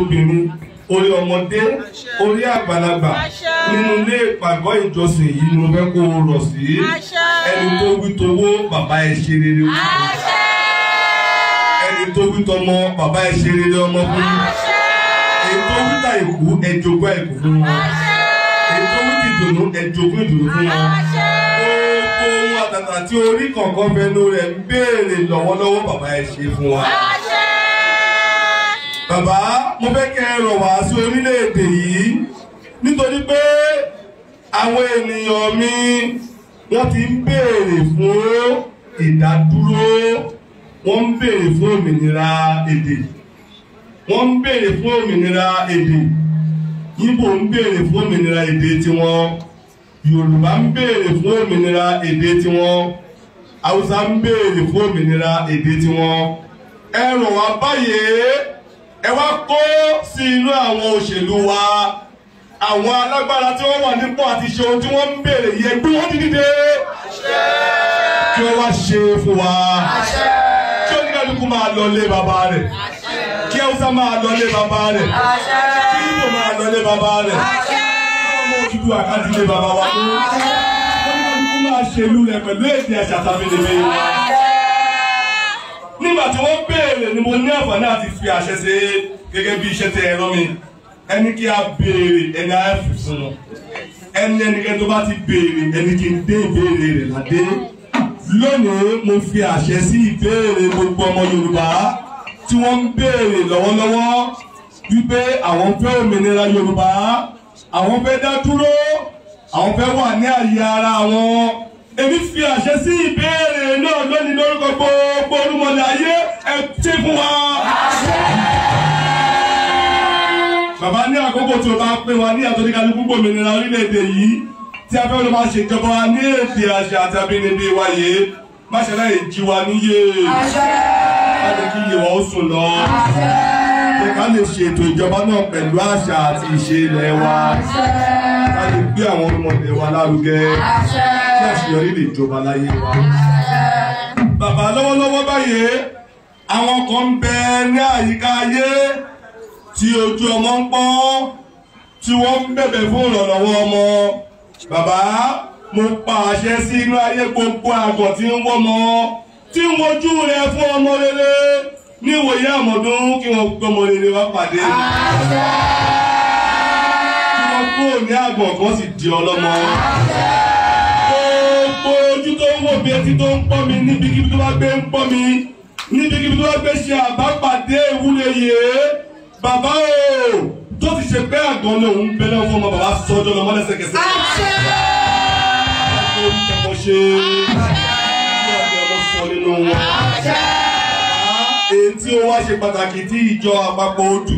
obìnrin orí ọmọdé orí àgbàlagbà nínú ilé ìpàgọ́ ìjọsìn yìí ni mo fẹ́ kó rọ̀ sí ẹni tó wí towó bàbá ẹ ṣe rere ẹni tó wí tọmọ bàbá ẹ ṣe rere ọmọ fún mi èyí tó wí tà ìkú ẹ jogún àìkú fún wọn èyí tó wí tìdùnnú ẹ jogún ìdùnnú fún wọn gbogbo ohun àtàtà tí orí kọ̀ọ̀kan fẹ́ lórí ẹ ń béèrè lọ́wọ́lọ́wọ́ bàbá ẹ ṣe fún wa bàbá mo fẹ́ kẹ́ ẹ rọ̀ wá sí orílẹ̀-èdè yìí nítorí pé àwọn ènìyàn mi wọ́n ti ń béèrè fún ìdádúró wọ́n ń béèrè fún òmìnira èdè wọ́n ń béèrè fún òmìnira èdè yíbò ń béèrè fún òmìnira èdè tiwọn yorùbá ń béèrè fún òmìnira èdè tiwọn haúsá ń béèrè fún òmìnira èdè tiwọn ẹ rọ̀ báyìí ẹ wá kó sí inú àwọn òṣèlú wa àwọn alágbára tí wọ́n wà nípò àti ṣe ohun tí wọ́n ń béèrè yẹ gbé wọ́n dídíde kí wọ́n wá ṣe fún wa kí oníkàlùkù máa lọ lé bàbá rẹ̀ kí Hausa máa lọ lé bàbá rẹ̀ kí Igbo máa lọ lé bàbá rẹ̀ kí ọmọ òdúdú àkàdílé bàbá wa oníkàlùkù máa ṣèlú rẹ̀ pẹ̀lú èdè àṣà tàbí lèwe nígbà tí wọ́n béèrè ni mo ní àǹfààní àti fi àṣẹ ṣe gẹ́gẹ́ bí iṣẹ́ tẹ ẹ̀rọ mi ẹni kí a béèrè ẹni á fi fún ẹni ẹnikẹ́ni tó bá ti béèrè ẹni kí n dé ìbéèrè rẹ̀ ládé lónìí mo fi àṣẹ sí ìbéèrè gbogbo ọmọ Yorùbá tí wọ́n ń béèrè lọ́wọ́lọ́wọ́ wípé àwọn fẹ́ òmìnira Yorùbá àwọn fẹ́ dá dúró àwọn fẹ́ wà ní àyè ara àwọn èmi fi àṣẹ sí ìbéèrè náà lónìí lórúkọ gbogbo olúmọlẹ̀ ayé ẹ ti fún wa. bàbá ní àkókò tí o bá pé wa ní àtọ́jú kálukú gbòmìnira orílẹ̀-èdè yìí tí a fẹ́ ló máa ṣèjọba wa ní èdè àṣà àti abínibí wa yìí má ṣe láì jí wa níyè má jẹ́ kí ìyẹ̀wò ó sùn lọ kí ká lè ṣètò ìjọba náà pẹ̀lú àṣà àti ìṣe ilẹ̀ wa láti gbé àwọn ọmọdé wa lárugẹ láti yọrí lè jọba láyé wa. bàbá lọ́wọ́lọ́wọ́ báyìí àwọn kan ń bẹ ní àyíká ayé tí ojú ọmọ ń pọ́n tí wọ́n ń bẹ̀bẹ̀ fún ìrànlọ́wọ́ ọmọ bàbá mo pa àṣẹ sí inú ayé gbogbo àgọ̀ tí ń wọ́mọ tí ń wojú rẹ fún ọmọ rere ní ìwòye àmọ̀dún kí wọ́n gbọ́mọ rere wá pàdé. àṣẹ kúrò ní àgàn sì di ọlọ́mọ. gbogbo ojú tó ń wò bí etí tó ń pọ́ mi níbikíbi tó bá gbé ń pọ́ mi níbikíbi tó bá gbé ṣe àbápàdé ìwúlé yèé bàbá o tó ti ṣe pé àgàn ni òun bẹ́lẹ̀ fún ọmọ bàbá sọ́jọ́ lọ́mọ lẹ́sẹ̀kẹsẹ̀. àṣẹ. ṣe ọ̀dọ̀ sọ nínú wọn. èyí tí ó wá ṣe pàtàkì tí ìjọ àpapọ̀ odù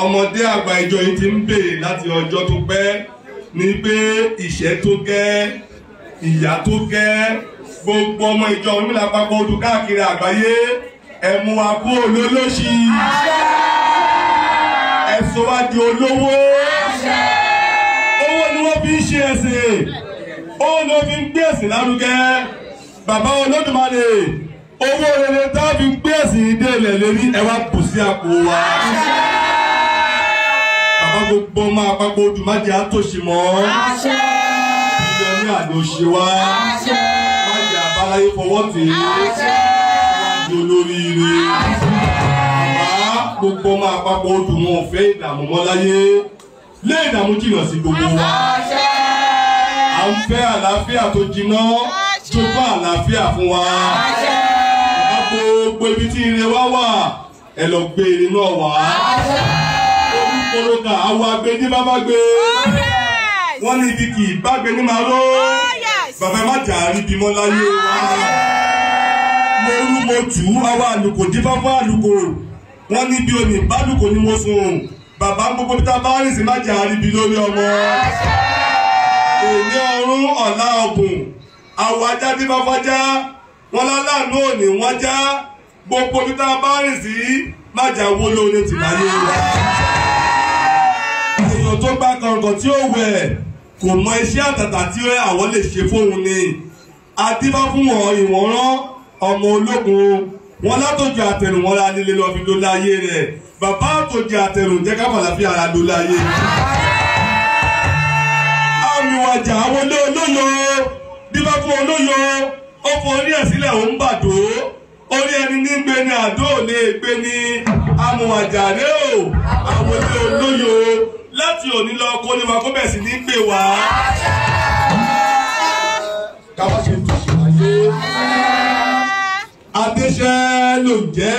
ọmọdé àgbà ìjọ yìí ti ń béèrè láti ọjọ́ tó pẹ́ ní pé ìṣẹ́ tó gẹ́ ìyá tó gẹ́ gbogbo ọmọ ìjọ onílà àpapọ̀ odò káàkiri àgbáyé ẹ̀mú àpò olólóṣì ẹ̀sọ́ wa di olówó owó ni wọ́n fi ń ṣe ẹ̀sìn ó ló fi ń gbé ẹ̀sìn lárugẹ bàbá olódùmarè owó rere tá a fi ń gbé ẹ̀sìn dé ilẹ̀ lérí ẹ wá kù sí àpò wa. Àṣẹ gbogbo ọmọ àpapọ̀ odùmájẹ àtòṣì mọ́. àṣẹ. ìjọ ní àná ṣe àṣẹ. májè àbáláyé fọwọ́ tì àṣẹ. ìwádìí olóríire. àṣẹ. gbogbo ọmọ àpapọ̀ odùmọ̀ ọ̀fẹ́ ìdààmú mọ́láyé. lé ìdààmú jìnnà sí gbogbo wa. àṣẹ. à ń fẹ́ àlàáfíà tó jiná. tó bá àlàáfíà fún wa. àṣẹ. gbogbo ibi tí ire wá wà ẹ lọ gbé ire náà wá. àṣẹ ìkoroka àwọn àgbẹ̀ ní bàbá gbé oh, wọ́n ní ibi kì í bágbé ní lọ oh, bàbá má jà á rí bímọ láyé wa mo rú mo tù ú àwọn àlùkò dífá fún àlùkò wọ́n ní bí omi ìbálùkò ni mo sùn bàbá gbogbo bí tá bá rìn sí má jà á rí bí lórí ọmọ oh, òní ọrún ọ̀la ọ̀gùn àwọn ajá dífá fájá wọn láláàánú òní wọn já gbogbo bí tá bá rìn sí má jà wọlé oní wa àgùntàn tó gbá kàǹkàn tí ó wẹ̀ kò mọ iṣẹ́ àtàtà tí àwọn lè ṣe fóun ni adíbá fún wọn ìwọ̀nrán ọmọ ológun wọn látòjò àtẹ̀rùn wọn la nílé lọ́ọ́ fi lólá ayé rẹ̀ bàbá àtòjò àtẹ̀rùn jẹ́ ká fàlàfíà ara lólá ayé. àmì wàjà àwọn olé olóyo díbá fún olóyo ó fọ orí ẹ̀ sílẹ̀ òun bàdó orí ẹni ní gbé ni àdó ò lè gbé ni amùwàjà rẹ o àwọn olé olóyo láti òní lọ kó ní wa kó bẹ̀ sí ní gbé wa. káwá ṣe tó ṣe ayé. adéṣẹ́ ló ń jẹ́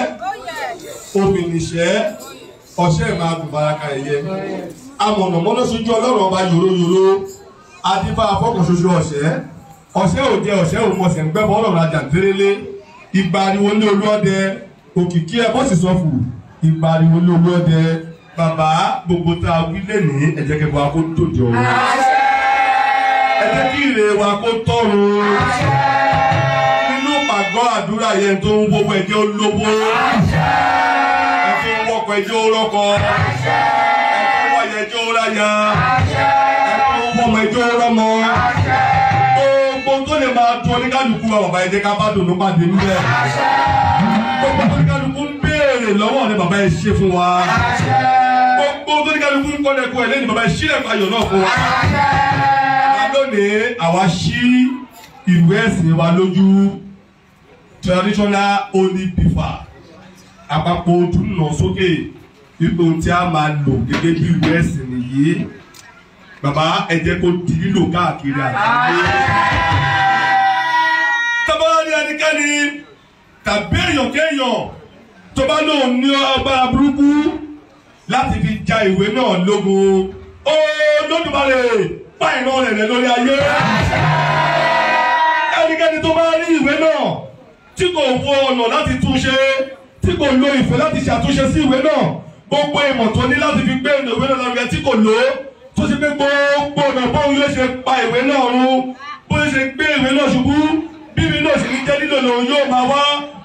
òmìnirṣẹ́ ọ̀ṣẹ́ máa gùn baraka ẹ̀yẹ. amọ̀nàmọ́ná sojú ọlọ́run ọba yòróyòró adébá afọ́kànṣoṣo ọ̀ṣẹ́ ọ̀ṣẹ́ ò jẹ ọ̀ṣẹ́ ò mọ̀ṣẹ́ ń gbẹ́bọ̀ ọlọ́run ajàntẹ́rẹ́lé ìgbà ariwo ní olú ọdẹ òkìkí ẹ̀ bọ́sì sọ́fù ìgbà ariwo ní olú ọdẹ bàbá gbogbo tá a wí lẹ́nìí ẹ jẹ́ kí wa kó tòjọ́ ẹ jẹ́ kí ire wa kó tọ̀run nínú pàgọ́ àdúrà yẹn tó ń wọ́pọ̀ ẹ̀jẹ̀ olówó ẹ fi ń wọ́kọ̀ ẹ̀jẹ̀ olóko ẹ fi ń wọ́yẹ̀ ẹ̀jẹ̀ oláyà ẹ fi ń wọ́mọ̀ ẹ̀jẹ̀ olómọ gbogbo tó lè máa tún oníkálukú wa bàbá ẹ ká bá dùnú pàdé níbẹ̀ gbogbo oníkálukú ń béèrè lọ́wọ́ ni bàbá ẹ ṣe fún wa gbogbo tó ní ká lukú kọ́ lẹ́kọ̀ọ́ ẹ̀ lẹ́nu bàbá ìṣílẹ̀kùn ayọ̀ náà fún wa. lónìí àwa ṣí ìwé ẹ̀sìn wa lójú traditional holy bifa àpapọ̀ ojúlùnà sókè wípé tí a máa lò gẹ́gẹ́ bí ìwé ẹ̀sìn nìyí bàbá ẹ jẹ́ di lílò káàkiri àgbáyé. tọ́bọ́ ní ẹnikẹ́ni tàbí èèyàn kéèyàn tó bá ní ọba burúkú láti fi ja ìwé náà lógun Olódùmarè pa ìran rẹ̀ rẹ̀ lórí ayé ẹnikẹ́ni tó bá rí ìwé náà tí kò wo ọ̀nà láti túnṣe tí kò lo ìfẹ́ láti ṣàtúnṣe sí ìwé náà gbogbo ìmọ̀ tó ní láti fi gbé ìwé náà lárugẹ tí kò lò ó tó ṣe pé gbogbo ọ̀nà bóun yóò ṣe pa ìwé náà run bó ṣe gbé ìwé náà ṣubú bíbí náà sì ní jẹ́ lílo lòun yóò máa wá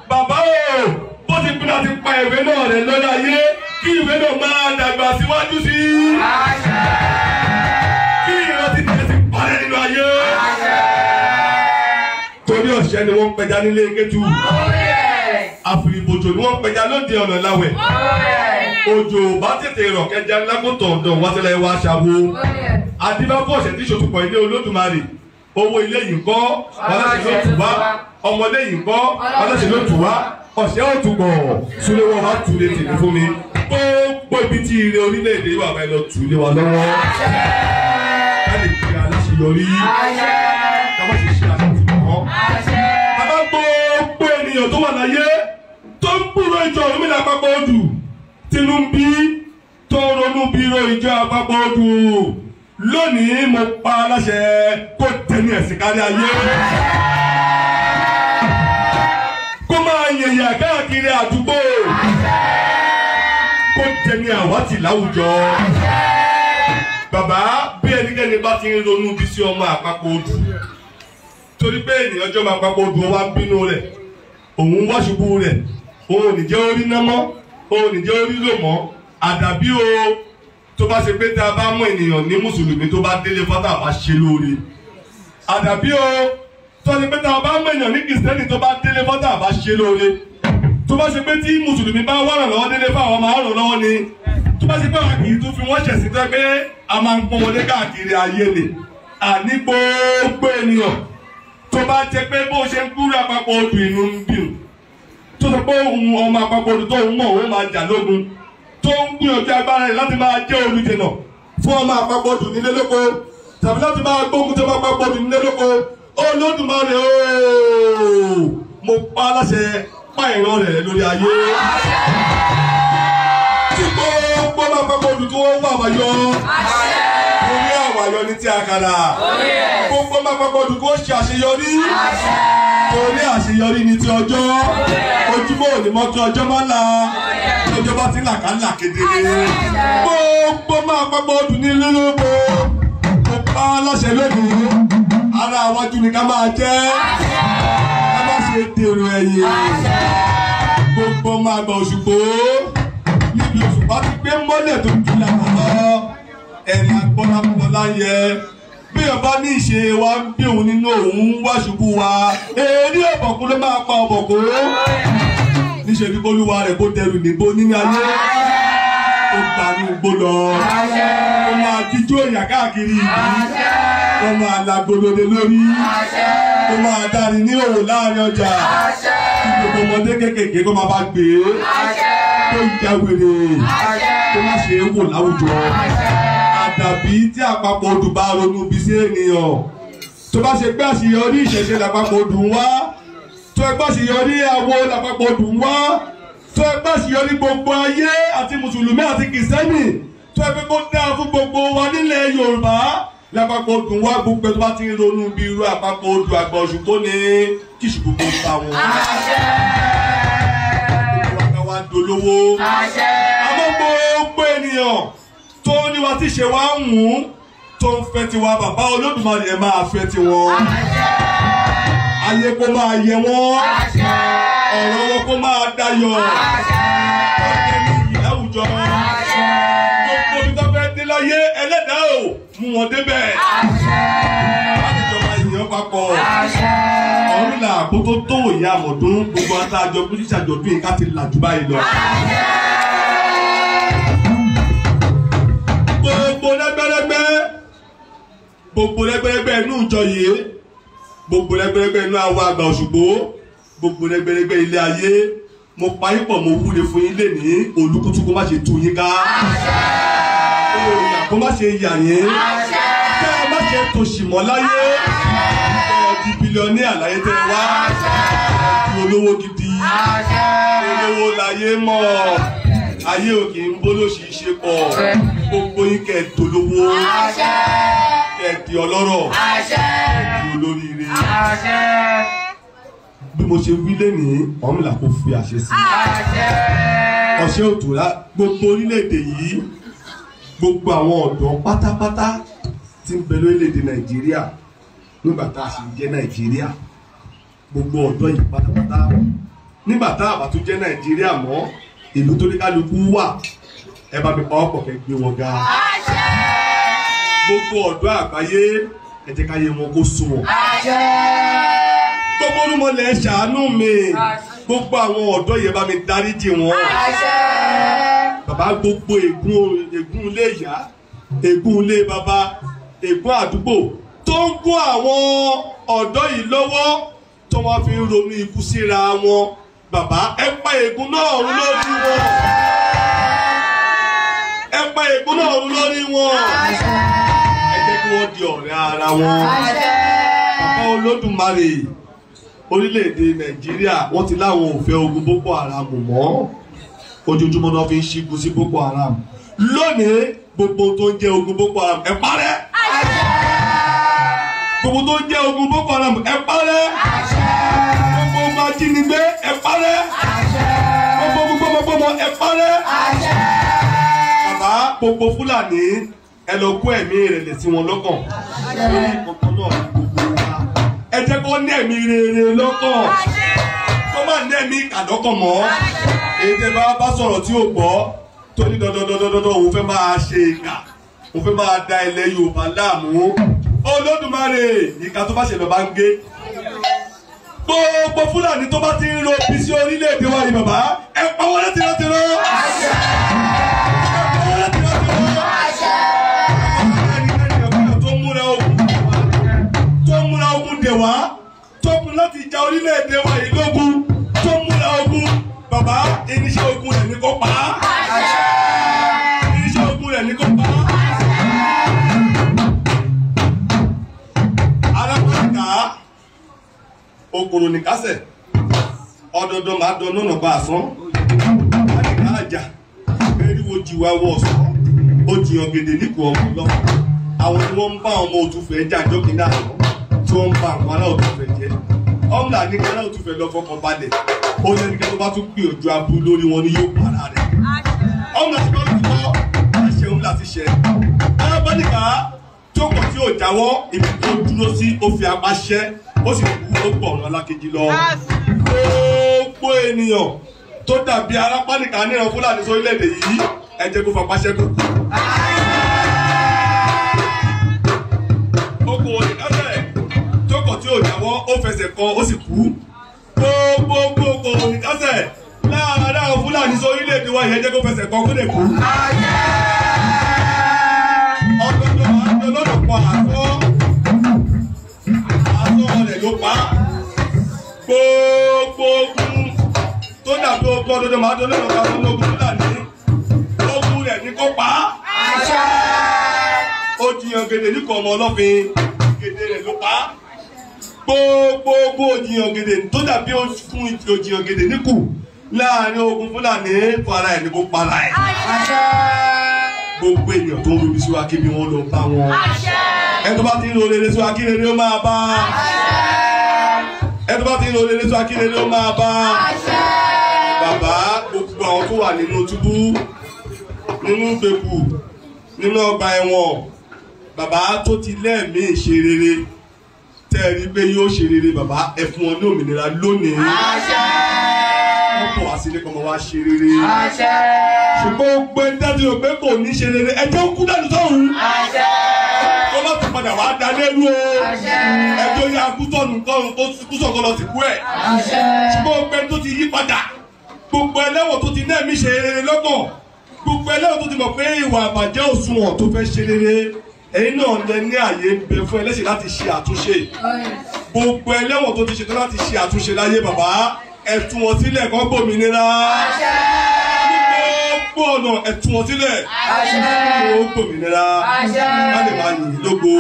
bàbá o bó ti pinnu àti pa ìwé náà rẹ̀ lọ́dọ̀ ayé kí ìwé náà máa dàgbà síwájú sí i. kí ìrántí tẹ̀ sí parẹ́ nínú ayé. torí ọ̀sẹ̀ ni wọ́n pẹja nílé kẹ́tù. àfìrìbòjò ni wọ́n pẹja lóde ọ̀nà láwẹ̀. òjò bá tètè rọ̀ kẹja lágùntàn ọ̀dọ̀ wáṣẹ́lẹ̀ wa ṣàwo. adébábọ̀ ọ̀sẹ̀ tí sòtúpọ̀ ilé olódùmarè owó ilé yìí kọ́ ọlọ́sìn ló tù wá ọmọdé yìí kọ́ ọlọ́sìn ló tù wá ọ̀sẹ̀ ọ̀túnbọ̀ súnlé wọn máa tù lé tèmi fún mi gbogbo ibi tí ire orílẹ̀-èdè yóò bá lọ tù lé wa lọ́wọ́ ká lè fi aláṣeyọrí ká má ṣe ṣe àṣàtúmọ̀ àbá gbogbo ènìyàn tó wà láyé tó ń gbúròó ìjọ Ọ̀rúnmìlà àpapọ̀ odù tínú ń bí tó ronú bíró ìjọ àpapọ̀ odù lónìí mo pa aláṣẹ kó tẹ̀ ẹ̀sìn kárí ayé. jìyà káàkiri àdúgbò kó jẹni àwátì láwùjọ bàbá bí ẹnikẹ́ni bá ti ń ronú bí sí ọmọ àpapọ̀ odù torí pé ènìyàn jọba àpapọ̀ odù wa ń bínú rẹ̀ òun wá ṣubú rẹ̀ òun ò ní jẹ́ orí ná mọ́ òun ní jẹ́ orí lò mọ́ àdàbí o tó bá ṣe pé tá a bá mú ènìyàn ní mùsùlùmí tó bá délé fọ́tà bá ṣe lóore àdàbí o tọ́ni pé tá a bá mú ènìyàn ní kìsìtẹ́nì tó bá délé fọ́tà bá ṣe lóore tó bá ṣe pé tí mùsùlùmí bá wà lọ́wọ́ délé fún àwọn máa ràn lọ́wọ́ ni tó bá ṣe pé àwọn kì í tún fi wọ́n ṣẹ̀sìn tó pé a máa ń pọ́n wọlé káàkiri ayé ni àní gbogbo ènìyàn tó bá jẹ pé bó ṣe ń kúrò àpapọ̀ odù inú ń bì tó sọ pé òun ọmọ àpapọ̀ odù tó ń mọ̀ òun máa jà lógun tó ń gbìyànjú agbára rẹ̀ láti máa jẹ́ olùdènà fún ọmọ àpapọ̀ odù nílé lóko tàbí láti máa gbógun tó máa àpapọ̀ odù nílé lóko Olódùmarè ooo mo pa aláṣẹ pa ìran rẹ̀ lórí ayé. tí gbogbo máa pápá olùkọ́ wà máa yọ. orí àwọn ayọ̀ ní tí a kàdà. gbogbo máa pápá olùkọ́ ṣe àṣeyọrí torí àṣeyọrí ni ti ọjọ́ ojúmọ́ òní mọ́tò ọjọ́ máa la ọjọ́ bá ti làkàlà kedere gbogbo máa pápá ọdún ní lílù bò ó pa aláṣẹ lónìí ara àwọn jù ní ká máa jẹ́ ayédèrú ẹyẹ gbogbo ọmọ àgbà òṣùpá níbi òṣùpá ti gbé mọ́lẹ̀ tó ń dúlà lọ́wọ́ ẹ̀rìn àgbọ̀nàmọ́lá yẹ bí ọba ní ìṣe wa ń bí òun nínú òun wá ṣubú wa èrí ọ̀bọ̀kú ló máa pa ọ̀bọ̀kú níṣẹ́ bí bólúwa rẹ̀ kó dẹrù níbo nínú ayé ó ta ní igbó lọ ó máa káàkiri ìlú ó máa lórí tó máa dáni ní òwò láàrin ọjà kí gbogbo ọmọdé kékèké kó máa bá gbé tó ìjà wèrè tó má ṣe é wò láwùjọ àdàbí tí àpapọ̀ odù bá ronú bí sí ènìyàn tó bá ṣe pé àṣeyọrí ìṣẹ̀ṣe làpapọ̀ odù ń wá tó ẹgbẹ́ àṣeyọrí àwo làpapọ̀ odù ń wá tó ẹgbẹ́ àṣeyọrí gbogbo ayé àti mùsùlùmí àti kìsẹ́nì tó ẹgbẹ́ kó dáa fún gbogbo wa nílẹ̀ Yorùbá lápapọ̀ odùn wá gbogbo ẹni bá ti ń ronú bí irú àpapọ̀ odù àgbà ọ̀ṣun tó ní kìsù gbogbo ìta wọn. àṣẹ. àgbà wa dolówó. àṣẹ. àmọ́ gbogbo ènìyàn tó ní wa ti ṣe wá ń wù tó ń fẹ́ tiwa bàbá olódùmarè ẹ̀ máa fẹ́ tiwọn. àṣẹ. ayé máa yẹ wọ́n. àṣẹ. ọ̀rọ̀ wọn kó máa dayọ̀. àṣẹ. mú wọn débẹ̀. láti jọba ènìyàn papọ̀. ọ̀run là kó tó tó ìyá àmọ̀dún gbogbo àtàjọ bó ṣíṣàjọdún yìí ká ti là jù báyìí lọ. gbogbo lẹ́gbẹ́lẹ́gbẹ́ gbogbo lẹ́gbẹ́lẹ́gbẹ́ inú ìjọ yìí gbogbo lẹ́gbẹ́lẹ́gbẹ́ inú àwọn àgbà Òṣùgbó gbogbo lẹ́gbẹ́lẹ́gbẹ́ ilé ayé mo pa yín pọ̀ mo wúre fún yín lé ní olùkútùkú má ṣe tú yín ká kó má ṣe yà yín kẹ́ ẹ má ṣe tòṣì mọ́ láyé kẹ́ ẹ di bílíọ̀nì ẹ wá kí olówó gidi olówó láyé mọ́ ayé ò kì í bólóṣì ṣe pọ̀ gbogbo yín kẹ́ ẹ dolówó kẹ́ ẹ di ọlọ́rọ̀ kẹ́ ẹ di olóríire bí mo ṣe wí lénìí ọ̀hún là kó fi àṣẹ sí i ọ̀ṣẹ́ òtò gbogbo orílẹ̀ yìí gbogbo àwọn ọ̀dọ́ pátápátá tí ń bẹ lórílẹ̀‐èdè nàìjíríà nígbà tá a sì ń jẹ́ nàìjíríà gbogbo ọ̀dọ́ yìí pátápátá nígbà tá a bá tún jẹ́ nàìjíríà mọ́ ìlú tó ní kálukú wà ẹ bá mi pa ọ̀pọ̀ kẹ́ gbé wọn ga gbogbo ọ̀dọ́ àgbáyé ẹ ká yẹ wọn kó sunwọ̀n gbogbo olúmọlẹ̀ ṣàánú mi gbogbo àwọn ọ̀dọ́ yẹn bá mi dáríjì wọn. Baba, gbogbo ègún ègún ilé ìyá ègún ilé bàbá ègún àdúgbò tó ń gún àwọn ọ̀dọ́ yìí lọ́wọ́ tó wọ́n fi ń ronú ikú síra wọn bàbá ẹ pa ègún náà run lórí wọn ẹ pa ègún náà run lórí wọn ẹ jẹ́ kí wọ́n di ọ̀rẹ́ ara wọn bàbá olódùmarè orílẹ̀-èdè nàìjíríà wọ́n ti láwọn ò fẹ́ ogun boko haram mọ́ ojoojúmọ́ náà fi ń ṣígun sí Boko Haram lónìí gbogbo tó ń jẹ́ ogun Boko Haram ẹ parẹ́ gbogbo tó ń jẹ́ ogun Boko Haram ẹ parẹ́ gbogbo ọba jínigbé ẹ parẹ́ gbogbo gbogbogbò ẹ parẹ́ bàbá gbogbo Fúlàní ẹ lọ kó ẹ̀mí ìrẹ̀lẹ̀ sí wọn lọ́kàn ẹ jẹ́ kó ní ẹ̀mí rere lọ́kàn kó má ní ẹ̀mí ìkà mọ́ ètè bá bá sọ̀rọ̀ tí ò gbọ́ tó ní dandandandandandan òun fẹ́ máa ṣe ìkà òun fẹ́ máa da ilẹ̀ Yorùbá láàmú Olódùmarè ìka tó bá ṣẹlẹ̀ bá ń gé gbogbo Fúlàní tó bá ti ń ro bí sí orílẹ̀-èdè wa ni bàbá ẹ pa wọ́n láti rántí tó múra ogun dè tó kún láti ja orílẹ̀-èdè wa yìí irinṣẹ́ ogun rẹ̀ ní kó pa á. irinṣẹ́ ogun rẹ̀ ni kó pa á. arákùnrin okòrò nìkásẹ̀ ọdọọdọ máa dán lọ́nà bá a sán láti káàjà eriwo jìwà wọ ọ̀sán ó jiyàn gèdè níkùú ọmọ lọ àwọn tí wọ́n ń bá ọmọ òtúfẹ́ jà jọ́kìnà tí wọ́n ń bá àwọn ará òtúfẹ́ jẹ́ ọmọ àníkàrà òtúfẹ́ lọ fọkàn balẹ̀ ó yẹ kí wọn bá tún pè ojú abú lórí wọn ni yóò para rẹ ọmọ àti bọ́ọ̀lù tó kọ́ àṣẹ òun láti ṣe arábáníkà jókòó tí ò jáwọ́ ibi tó dúró sí ó fi apá ṣẹ́ ó sì kú ó ọ̀nà alákejì lọ gbogbo ènìyàn tó dàbí arábáníkà níran fúlàní sórílẹ̀-èdè yìí ẹ jẹ́ kó fapá ṣẹ́ kó okòwò nìkan jókòó tí ò jáwọ́ ó fẹsẹ̀ kọ ó sì kú gbogbogbò kò kásẹ̀ láàárọ̀ àwọn fúlàní sórílẹ̀-èdè wa yẹn jẹ́ kó fẹsẹ̀ kọ́ kó lè kú. ọ̀dọ́dọ̀ ọ̀dọ́dọ̀ pọ̀ àtọ́ àtọ́ ọ̀rẹ́ ló pa gbogbogbò tó dàbí ọgbọ́n ọ̀dọ́dọ̀ máa dọ́dọ̀ lọ́ka fún ọgbọ́n fúlàní lọ́gùn rẹ̀ ní kó pa. ó jiyàn gèdè ní kọ̀ọ̀mọ́ ọlọ́fin gbogbogbò òjìyàn gèdè tó dàbí fún òjìyàn gèdè níkù láàrin ogun fúlàní fara ẹ̀ ní kó para ẹ̀. gbogbo ènìyàn tó ń bíbi sí wa kí bí wọ́n lọ bá wọn. ẹ bá ti ń lo rere sí wa kí rere ó máa bá. ẹ bá ti ń lo rere sí wa kí rere ó máa bá. bàbá gbogbo àwọn tó wà nínú túbú nínú gbèkù nínú ọgbà ẹ̀wọ̀n bàbá tó ti lẹ́ẹ̀mí ìṣe rere tẹ́ ẹ rí pé yóò ṣe rere bàbá ẹ fún wọn ní òmìnira lónìí. àṣẹ. wọ́n pọ̀ wá sí ilé kọ́mọ wá ṣe rere. àṣẹ. ṣùgbọ́n ó gbé dájú ló pé kò ní ṣe rere ẹ jẹ́ kú dájú sọ́run. àṣẹ. kó má tún padà wá da lẹ́rú o. àṣẹ. ẹjọ́ yá kúsọ̀nù kọ́run kó sọ̀kọ́ lọ sìnkú ẹ̀. àṣẹ. ṣùgbọ́n ó gbé tó ti yí padà gbogbo ẹlẹ́wọ̀n tó ti náà mí ṣe rere lọ́gbọ̀n gbogbo ẹlẹ́wọ̀n tó ti mọ̀ pé ìwà àbàjẹ́ òṣùwọ̀n ẹ̀yin náà lẹ ní àyè ń bẹ fún ẹlẹ́ṣẹ̀ láti ṣe àtúnṣe gbogbo ẹlẹ́wọ̀n tó ti ṣetán láti ṣe àtúnṣe láyé bàbá ẹ tú wọn sílẹ̀ kó gbòmìnira gbogbo ọ̀nà ẹ tú wọn sílẹ̀ kó gbòmìnira má lè máa yìn lógo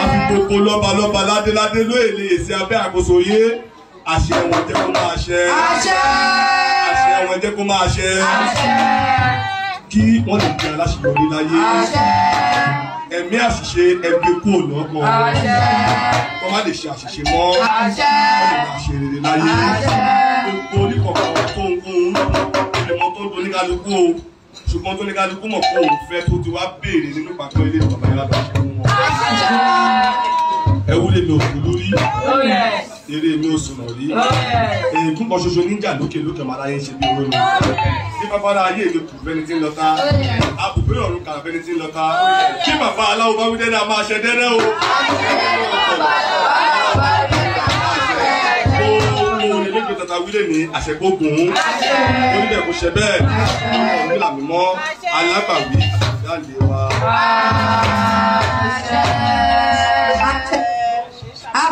àfi gbogbo lọ́ba lọ́ba ládéládé lóye lè ṣe abẹ́ àkóso yé àṣẹ wọn jẹ́ kó máa ṣẹ àṣẹ wọn jẹ́ kó máa ṣẹ kí wọ́n lè jẹ́ aláṣeyọrí láyé ẹ̀mí àṣìṣe ẹgbẹ́ kú ònà ọkọ̀ kọ́ má lè ṣe àṣìṣe mọ́ kọ́ lè máa ṣe rere láyé gbogbo oníkọ̀ọ̀kan kóhunkóhun ìlẹ̀mọ́ tó ń do oníkálukú o ṣùgbọ́n tó oníkálukú mọ̀ kó òun fẹ́ tó ti wá béèrè nínú pàtó ilé ìtọ́ba yàrá bàjẹ́ fún wọn. ẹ wúlé mi ò kú lórí. Oh, eré mi ò sùnà rí ègún kan ṣoṣo níjà lókè lókè máa láyé ń ṣe bí owó mi bí bàbára ayé mi kù fẹ́ni tí ń lọ oh, àbùkù ìrọ̀rùn kà fẹ́ni tí ń lọ oh, kí bàbá aláwo bá wí dẹ́rẹ́ a máa ṣe dẹ́rẹ́ o. tata wílé ní àṣẹgbógun onílẹ̀ kò ṣe bẹ́ẹ̀ ọ̀run làmì mọ́ alábàwí àti àlè wa.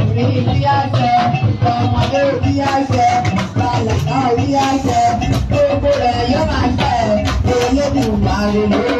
èmi bí àṣẹ ọmọdé bí àṣẹ làlàkà bí àṣẹ gbogbo rẹ̀ yóò máa ṣe Elédùmarè lórí.